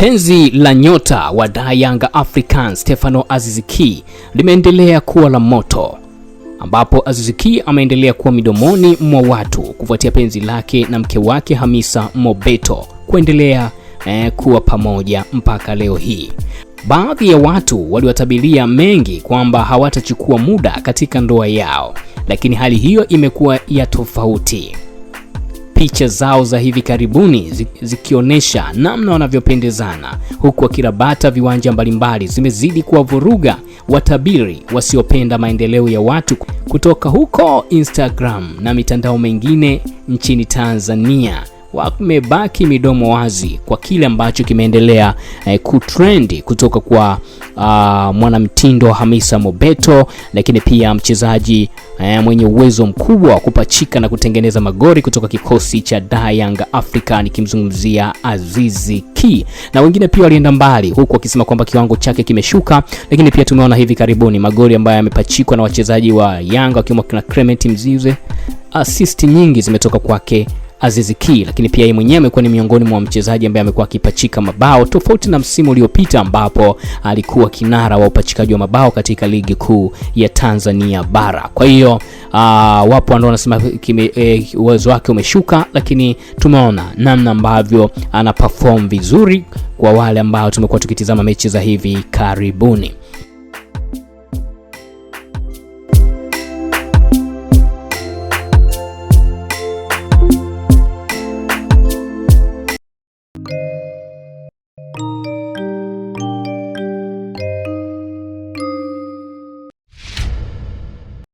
Penzi la nyota wa da Yanga african Stefano aziziki limeendelea kuwa la moto, ambapo aziziki ameendelea kuwa midomoni mwa watu kufuatia penzi lake na mke wake Hamisa Mobeto kuendelea eh, kuwa pamoja mpaka leo hii. Baadhi ya watu waliwatabiria mengi kwamba hawatachukua muda katika ndoa yao, lakini hali hiyo imekuwa ya tofauti picha zao za hivi karibuni zikionyesha namna wanavyopendezana, huku wakirabata viwanja mbalimbali, zimezidi kuwavuruga watabiri wasiopenda maendeleo ya watu kutoka huko Instagram na mitandao mengine nchini Tanzania wamebaki midomo wazi kwa kile ambacho kimeendelea eh, kutrendi kutoka kwa uh, mwanamtindo Hamisa Mobeto, lakini pia mchezaji eh, mwenye uwezo mkubwa wa kupachika na kutengeneza magori kutoka kikosi cha Da Africa, nikimzungumzia Azizi Ki, na wengine pia walienda mbali huku wakisema kwamba kiwango chake kimeshuka, lakini pia tumeona hivi karibuni magori ambayo yamepachikwa na wachezaji wa Yanga wakiwemo kina Clement Mzize, assist nyingi zimetoka kwake Aziz Ki, lakini pia yeye mwenyewe amekuwa ni miongoni mwa mchezaji ambaye amekuwa akipachika mabao tofauti na msimu uliopita ambapo alikuwa kinara wa upachikaji wa mabao katika ligi kuu ya Tanzania bara. Kwa hiyo uh, wapo ambao wanasema eh, uwezo eh, wake umeshuka, lakini tumeona namna ambavyo ana perform vizuri kwa wale ambao tumekuwa tukitizama mechi za hivi karibuni.